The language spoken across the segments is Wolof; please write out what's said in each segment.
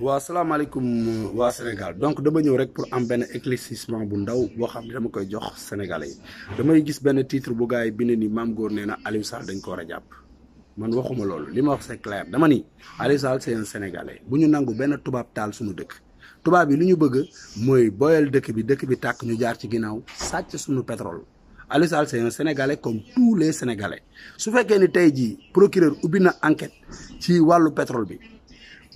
waaw salaamaaleykum waa Sénégal donc dama ñëw rek pour am benn éclaircissement bu ndaw boo xam ne dama koy jox Sénégalais yi damay gis benn titre bu gars yi bind ni Mame Gor nee na Aliou Sall dañ ko war a jàpp man waxuma loolu li ma wax c'est clair dama ni Aliou Sall c'est bu ñu nangu benn tubaab taal suñu dëkk tubaab yi lu ñu bëgg mooy boyal dëkk bi dëkk bi tàkk ñu jaar ci ginnaaw sàcc suñu pétrole Aliou Sall c'est un Sénégalais comme tous les Sénégalais su fekkee ni tey jii procureur ubbi na enquête ci wàllu pétrole bi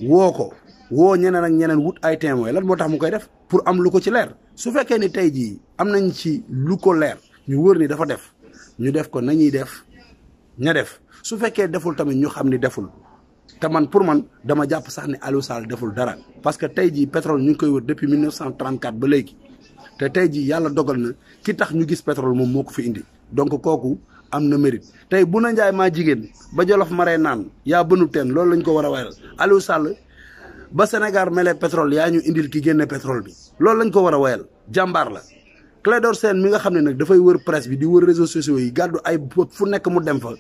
woo ko woo ñeneen ak ñeneen wut ay témoin lan moo tax mu koy def pour am lu ko ci leer su fekkee ni tey jii am nañu ci lu ko leer ñu wër ni dafa def ñu def ko nañuy def ña def su fekkee deful tamit ñu xam ni deful te man pour man dama jàpp sax ni Aliou Sall deful dara parce que tey jii pétrole ñu ngi koy wër depuis 1934 ba léegi te tey jii yàlla dogal na ki tax ñu gis petrole moom moo ko fi indi donc kooku am na mérite tey bu na njaay maa jigéen ba jolof maree naan yaa bënu teen loolu lañ ko war a waral Aliou Sall ba Sénégal mele pétrole yaa ñu indil ki génne pétrole bi loolu lañ ko war a woyal jàmbaar la Clédor seen mi nga xam ne nag dafay wër presse bi di wër réseaux sociaux yi gàddu ay fu nekk mu dem fa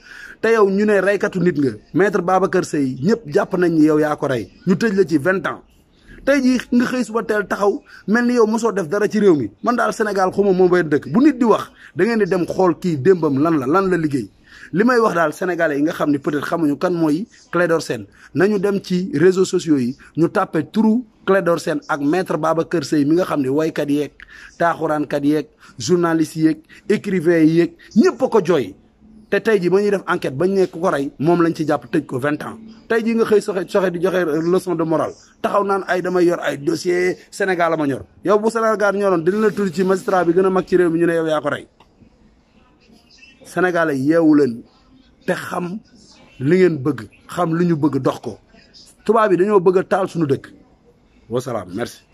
te yow ñu ne reykatu nit nga maître Babacar Seye ñëpp jàpp nañ ni yow yaa ko rey ñu tëj la ci vingt ans tey jii nga xëy suba teel taxaw mel ni yow mosoo def dara ci réew mi man daal Sénégal xuma moom bay dëkk bu nit di wax da ngeen di dem xool kii démbam lan la lan la liggéey li may wax daal sénégalais yi nga xam ne peut-être xamuñu kan mooy seen na ñu dem ci réseau sociaux yi ñu tàppe turu Clédor seen ak baaba kër Sèye mi nga xam ne waykat yeeg taaxuraankat yeeg journaliste yeeg écrivain yeeg ñëpp ko joy te tey ji ba ñuy def enquête bañ ne ku ko rey moom lañ ci jàpp tëj ko vingt ans tey ji nga xëy soxe soxe di joxe leçon de morale taxaw naan ay damay yor ay dossier Sénégal ma ñor yow bu Sénégal ñoroon dina la tudd ci magistrat bi gën a mag ci réew mi ñu ne yow yaa ko rey Sénégalais yeewu leen te xam li ngeen bëgg xam li ñu bëgg dox ko tubaab yi dañoo bëgg taal suñu dëkk wasalaam merci